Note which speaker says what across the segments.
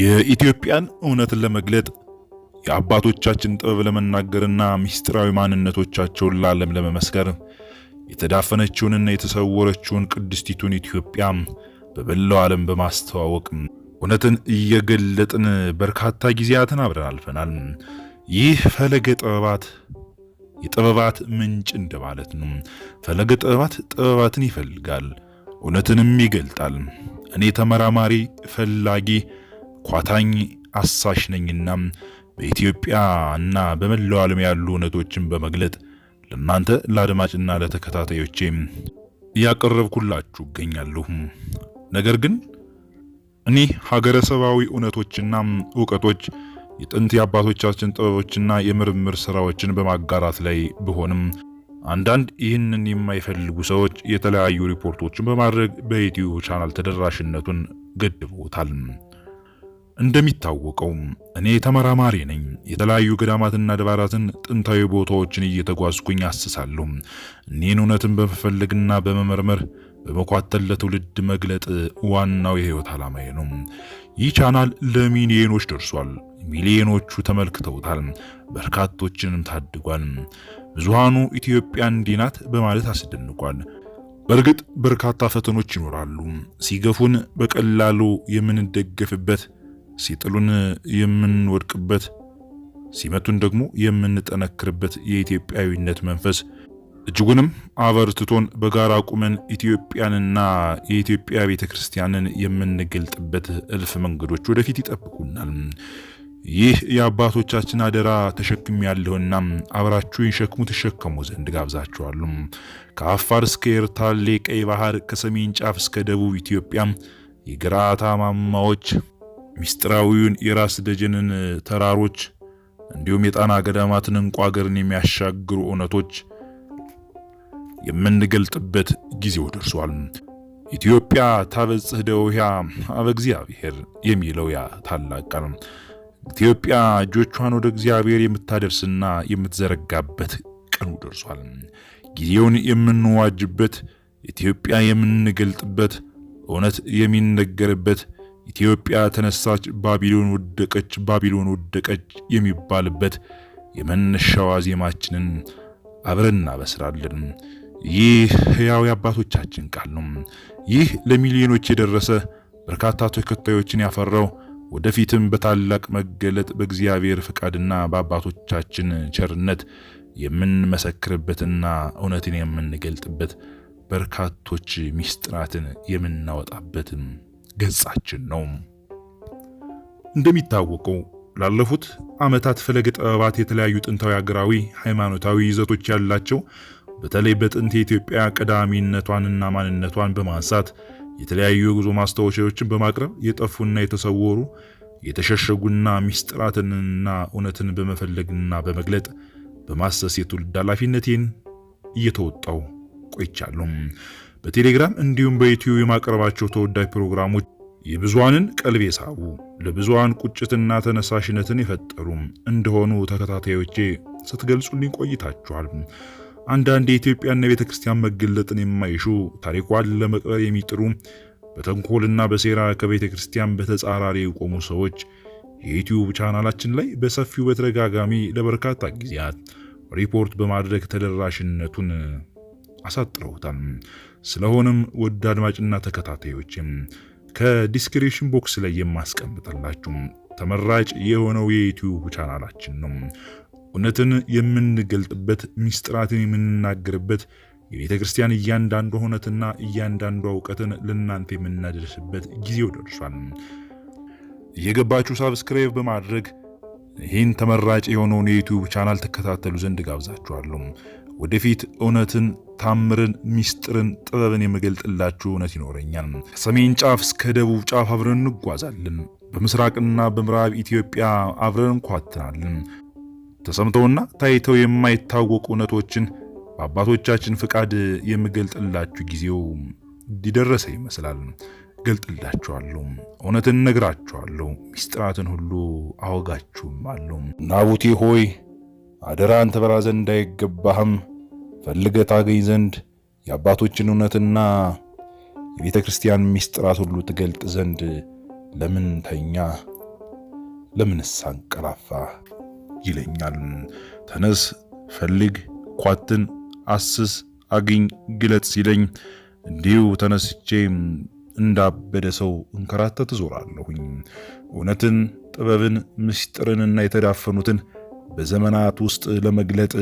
Speaker 1: የኢትዮጵያን እውነትን ለመግለጥ የአባቶቻችን ጥበብ ለመናገርና ምስጢራዊ ማንነቶቻቸውን ለዓለም ለመመስከር የተዳፈነችውንና የተሰወረችውን ቅድስቲቱን ኢትዮጵያ በበላው ዓለም በማስተዋወቅ እውነትን እየገለጥን በርካታ ጊዜያትን አብረን አልፈናል። ይህ ፈለገ ጥበባት የጥበባት ምንጭ እንደማለት ነው። ፈለገ ጥበባት ጥበባትን ይፈልጋል፣ እውነትንም ይገልጣል። እኔ ተመራማሪ ፈላጊ ኳታኝ አሳሽ ነኝና በኢትዮጵያ እና በመላው ዓለም ያሉ እውነቶችን በመግለጥ ለናንተ ለአድማጭና ለተከታታዮቼ እያቀረብኩላችሁ እገኛለሁ። ነገር ግን እኒህ ሀገረ ሰባዊ እውነቶችና እውቀቶች የጥንት የአባቶቻችን ጥበቦችና የምርምር ስራዎችን በማጋራት ላይ ብሆንም አንዳንድ ይህንን የማይፈልጉ ሰዎች የተለያዩ ሪፖርቶችን በማድረግ በዩቲዩብ ቻናል ተደራሽነቱን ገድበውታል። እንደሚታወቀው እኔ ተመራማሪ ነኝ። የተለያዩ ገዳማትና ድባራትን ጥንታዊ ቦታዎችን እየተጓዝኩኝ አስሳለሁ። እኔን እውነትን በመፈለግና በመመርመር በመኳተል ለትውልድ መግለጥ ዋናው የህይወት ዓላማዬ ነው። ይህ ቻናል ለሚሊዮኖች ደርሷል። ሚሊዮኖቹ ተመልክተውታል፣ በርካቶችንም ታድጓል። ብዙሃኑ ኢትዮጵያ እንዲህ ናት በማለት አስደንቋል። በእርግጥ በርካታ ፈተኖች ይኖራሉ፣ ሲገፉን በቀላሉ የምንደገፍበት ሲጥሉን የምንወድቅበት፣ ሲመቱን ደግሞ የምንጠነክርበት የኢትዮጵያዊነት መንፈስ እጅጉንም አበርትቶን በጋራ ቁመን ኢትዮጵያንና የኢትዮጵያ ቤተ ክርስቲያንን የምንገልጥበት እልፍ መንገዶች ወደፊት ይጠብቁናል። ይህ የአባቶቻችን አደራ ተሸክም ያለሁና አብራችሁ ይሸክሙ ትሸከሙ ዘንድ ጋብዛችኋሉ። ከአፋር እስከ ኤርታሌ ቀይ ባህር፣ ከሰሜን ጫፍ እስከ ደቡብ ኢትዮጵያ የግራታ ማማዎች ሚስጥራዊውን የራስ ደጀንን ተራሮች እንዲሁም የጣና ገዳማትን እንቋ አገርን የሚያሻግሩ እውነቶች የምንገልጥበት ጊዜው ደርሷል። ኢትዮጵያ ታበጽህ ደውያ ኀበ እግዚአብሔር የሚለው ያ ታላቅ ቃል ኢትዮጵያ እጆቿን ወደ እግዚአብሔር የምታደርስና የምትዘረጋበት ቀኑ ደርሷል። ጊዜውን የምንዋጅበት፣ ኢትዮጵያ የምንገልጥበት፣ እውነት የሚነገርበት ኢትዮጵያ ተነሳች፣ ባቢሎን ወደቀች፣ ባቢሎን ወደቀች የሚባልበት የመነሻዋ ዜማችንን አብረን እናበስራለን። ይህ ሕያው የአባቶቻችን ቃል ነው። ይህ ለሚሊዮኖች የደረሰ በርካታ ተከታዮችን ያፈራው ወደፊትም በታላቅ መገለጥ በእግዚአብሔር ፍቃድና በአባቶቻችን ቸርነት የምንመሰክርበትና እውነትን የምንገልጥበት በርካቶች ሚስጥራትን የምናወጣበትም ገጻችን ነው። እንደሚታወቀው ላለፉት ዓመታት ፈለገ ጥበባት የተለያዩ ጥንታዊ አገራዊ ሃይማኖታዊ ይዘቶች ያላቸው በተለይ በጥንት የኢትዮጵያ ቀዳሚነቷንና ማንነቷን በማንሳት የተለያዩ የጉዞ ማስታወሻዎችን በማቅረብ የጠፉና የተሰወሩ የተሸሸጉና ሚስጥራትንና እውነትን በመፈለግና በመግለጥ በማሰስ የትውልድ ኃላፊነቴን እየተወጣው ቆይቻለሁ። በቴሌግራም እንዲሁም በዩቲዩብ የማቀረባቸው ተወዳጅ ፕሮግራሞች የብዙሃንን ቀልብ የሳቡ ለብዙሃን ቁጭትና ተነሳሽነትን የፈጠሩም እንደሆኑ ተከታታዮቼ ስትገልጹልኝ ቆይታችኋል። አንዳንድ የኢትዮጵያና ቤተክርስቲያን ክርስቲያን መገለጥን የማይሹ ታሪኳን ለመቅበር የሚጥሩ በተንኮልና በሴራ ከቤተ ክርስቲያን በተጻራሪ የቆሙ ሰዎች የዩቲዩብ ቻናላችን ላይ በሰፊው በተደጋጋሚ ለበርካታ ጊዜያት ሪፖርት በማድረግ ተደራሽነቱን አሳጥረውታል። ስለሆነም ውድ አድማጭና ተከታታዮችም ከዲስክሪፕሽን ቦክስ ላይ የማስቀምጥላችሁ ተመራጭ የሆነው የዩቲዩብ ቻናላችን ነው። እውነትን የምንገልጥበት፣ ሚስጥራትን የምንናገርበት፣ የቤተ ክርስቲያን እያንዳንዷ እውነትና እያንዳንዷ እውቀትን ለእናንተ የምናደርስበት ጊዜው ደርሷል። እየገባችሁ ሳብስክራይብ በማድረግ ይህን ተመራጭ የሆነውን የዩቲዩብ ቻናል ተከታተሉ ዘንድ ጋብዛችኋለሁ። ወደፊት እውነትን ታምርን፣ ሚስጥርን፣ ጥበብን የምገልጥላችሁ እውነት ይኖረኛል። ከሰሜን ጫፍ እስከ ደቡብ ጫፍ አብረን እንጓዛለን። በምስራቅና በምዕራብ ኢትዮጵያ አብረን እንኳትናለን። ተሰምተውና ታይተው የማይታወቁ እውነቶችን በአባቶቻችን ፍቃድ የምገልጥላችሁ ጊዜው ሊደረሰ ይመስላል። ገልጥላችኋለሁ፣ እውነትን ነግራችኋለሁ፣ ሚስጥራትን ሁሉ አወጋችሁም አለሁ። ናቡቴ ሆይ አደራ አንተ በላ ዘንድ አይገባህም ፈልገ ታገኝ ዘንድ የአባቶችን እውነትና የቤተ ክርስቲያን ምስጢራት ሁሉ ትገልጥ ዘንድ ለምን ተኛ? ለምንስ አንቀላፋ? ይለኛል። ተነስ፣ ፈልግ፣ ኳትን፣ አስስ፣ አግኝ፣ ግለጽ ሲለኝ እንዲሁ ተነስቼ እንዳበደ ሰው እንከራተት ዞራለሁ እውነትን፣ ጥበብን፣ ምስጢርንና የተዳፈኑትን በዘመናት ውስጥ ለመግለጥ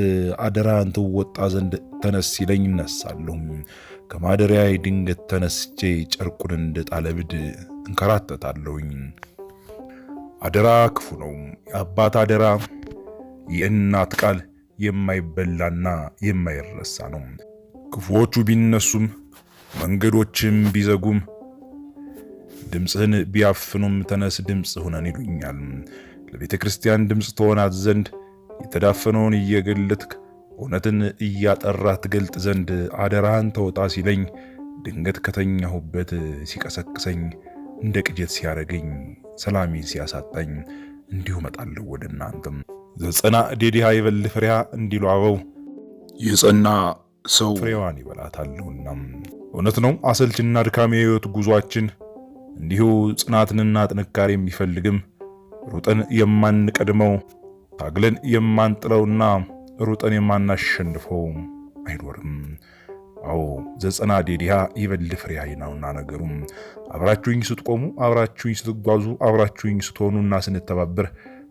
Speaker 1: አደራን ትወጣ ዘንድ ተነስ ሲለኝ እነሳለሁ። ከማደሪያዬ ድንገት ተነስቼ ጨርቁን እንደ ጣለብድ እንከራተታለሁኝ። አደራ ክፉ ነው። የአባት አደራ፣ የእናት ቃል የማይበላና የማይረሳ ነው። ክፉዎቹ ቢነሱም መንገዶችም ቢዘጉም ድምፅህን ቢያፍኑም ተነስ ድምፅ ሁነን ይሉኛል። ለቤተ ክርስቲያን ድምፅ ትሆናት ዘንድ የተዳፈነውን እየገለጥክ እውነትን እያጠራ ትገልጥ ዘንድ አደራህን ተወጣ ሲለኝ ድንገት ከተኛሁበት ሲቀሰቅሰኝ እንደ ቅጀት ሲያረገኝ ሰላሜን ሲያሳጣኝ እንዲሁ መጣለሁ ወደ እናንተም ዘጸና ዴዲሃ ይበል ፍሬያ እንዲሉ አበው የጸና ሰው ፍሬዋን ይበላታለሁና እውነት ነው። አሰልችና ድካሜ የህይወት ጉዟችን እንዲሁ ጽናትንና ጥንካሬ የሚፈልግም ሩጠን የማንቀድመው ታግለን የማንጥለውና ሩጠን የማናሸንፈው አይኖርም። አዎ ዘጸና ዴዲሃ ይበል ፍሬያይ ነውና ነገሩ አብራችሁኝ ስትቆሙ፣ አብራችሁኝ ስትጓዙ፣ አብራችሁኝ ስትሆኑና ስንተባበር፣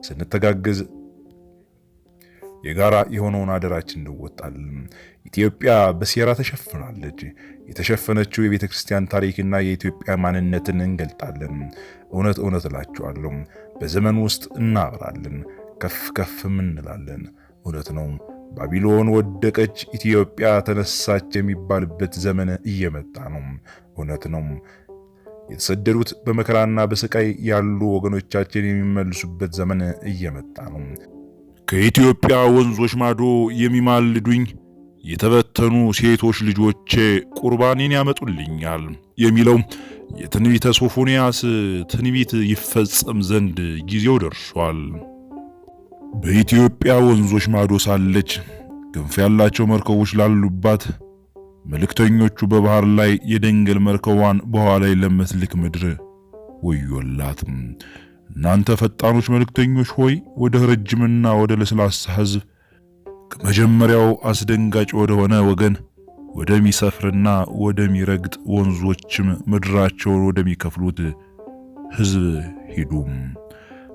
Speaker 1: ስንተጋገዝ የጋራ የሆነውን አደራችን እንወጣለን። ኢትዮጵያ በሴራ ተሸፍናለች። የተሸፈነችው የቤተ ክርስቲያን ታሪክና የኢትዮጵያ ማንነትን እንገልጣለን። እውነት እውነት እላችኋለሁ በዘመን ውስጥ እናብራለን። ከፍ ከፍም እንላለን። እውነት ነው። ባቢሎን ወደቀች፣ ኢትዮጵያ ተነሳች የሚባልበት ዘመን እየመጣ ነው። እውነት ነው። የተሰደዱት በመከራና በስቃይ ያሉ ወገኖቻችን የሚመልሱበት ዘመን እየመጣ ነው። ከኢትዮጵያ ወንዞች ማዶ የሚማልዱኝ የተበተኑ ሴቶች ልጆቼ ቁርባኔን ያመጡልኛል የሚለው የትንቢተ ሶፎንያስ ትንቢት ይፈጸም ዘንድ ጊዜው ደርሷል። በኢትዮጵያ ወንዞች ማዶ ሳለች ክንፍ ያላቸው መርከቦች ላሉባት መልእክተኞቹ በባህር ላይ የደንገል መርከቧን በውሃ ላይ ለምትልክ ምድር ወዮላት። እናንተ ፈጣኖች መልእክተኞች ሆይ ወደ ረጅምና ወደ ለስላሳ ሕዝብ ከመጀመሪያው አስደንጋጭ ወደሆነ ወገን ወደሚሰፍርና ወደሚረግጥ ወንዞችም ምድራቸውን ወደሚከፍሉት ሕዝብ ሂዱም።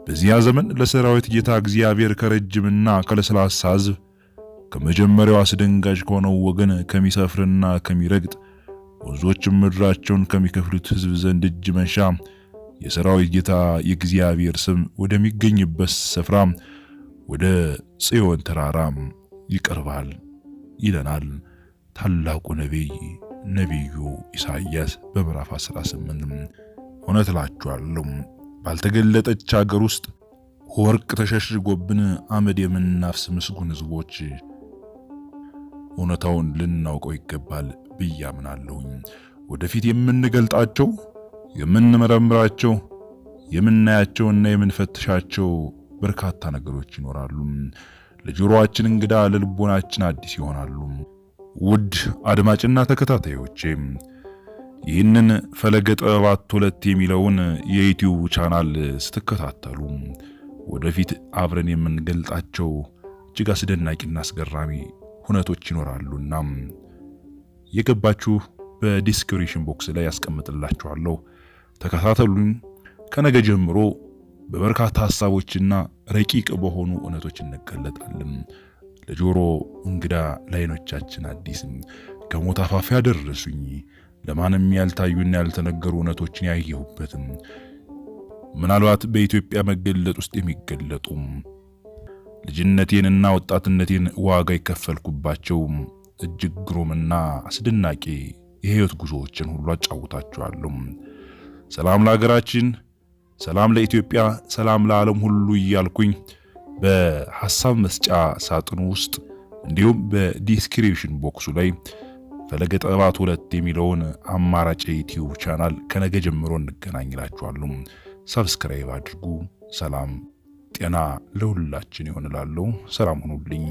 Speaker 1: በዚያ ዘመን ለሰራዊት ጌታ እግዚአብሔር ከረጅምና ከለስላሳ ሕዝብ ከመጀመሪያው አስደንጋጭ ከሆነው ወገን ከሚሰፍርና ከሚረግጥ ወንዞችም ምድራቸውን ከሚከፍሉት ሕዝብ ዘንድ እጅ መንሻ የሰራዊት ጌታ የእግዚአብሔር ስም ወደሚገኝበት ስፍራ ወደ ጽዮን ተራራም ይቀርባል ይለናል ታላቁ ነቢይ ነቢዩ ኢሳይያስ በምዕራፍ 18 እውነት እላችኋለሁ ባልተገለጠች አገር ውስጥ ወርቅ ተሸሽጎብን አመድ የምናፍስ ምስጉን ህዝቦች እውነታውን ልናውቀው ይገባል ብዬ ወደፊት የምንገልጣቸው፣ የምንመረምራቸው፣ የምናያቸውና የምንፈትሻቸው በርካታ ነገሮች ይኖራሉ። ለጆሮአችን እንግዳ፣ ለልቦናችን አዲስ ይሆናሉ። ውድ አድማጭና ተከታታዮቼ ይህንን ፈለገ ጥበባት ሁለት የሚለውን የዩቲዩብ ቻናል ስትከታተሉ ወደፊት አብረን የምንገልጣቸው እጅግ አስደናቂና አስገራሚ ሁነቶች ይኖራሉና የገባችሁ በዲስክሪፕሽን ቦክስ ላይ ያስቀምጥላችኋለሁ። ተከታተሉኝ። ከነገ ጀምሮ በበርካታ ሀሳቦችና ረቂቅ በሆኑ እውነቶች እንገለጣለን። ለጆሮ እንግዳ፣ ለአይኖቻችን አዲስም ከሞት አፋፊ ያደረሱኝ ለማንም ያልታዩና ያልተነገሩ እውነቶችን ያየሁበትም ምናልባት በኢትዮጵያ መገለጥ ውስጥ የሚገለጡ ልጅነቴንና ወጣትነቴን ዋጋ የከፈልኩባቸው እጅግ ግሩምና አስደናቂ የህይወት ጉዞዎችን ሁሉ አጫውታችኋለሁ። ሰላም ለሀገራችን፣ ሰላም ለኢትዮጵያ፣ ሰላም ለዓለም ሁሉ እያልኩኝ በሐሳብ መስጫ ሳጥኑ ውስጥ እንዲሁም በዲስክሪፕሽን ቦክሱ ላይ ፈለገ ጥበባት ሁለት የሚለውን አማራጭ ዩቲዩብ ቻናል ከነገ ጀምሮ እንገናኝላችኋሉ። ሰብስክራይብ አድርጉ። ሰላም ጤና ለሁላችን ይሆንላለሁ። ሰላም ሁኑልኝ።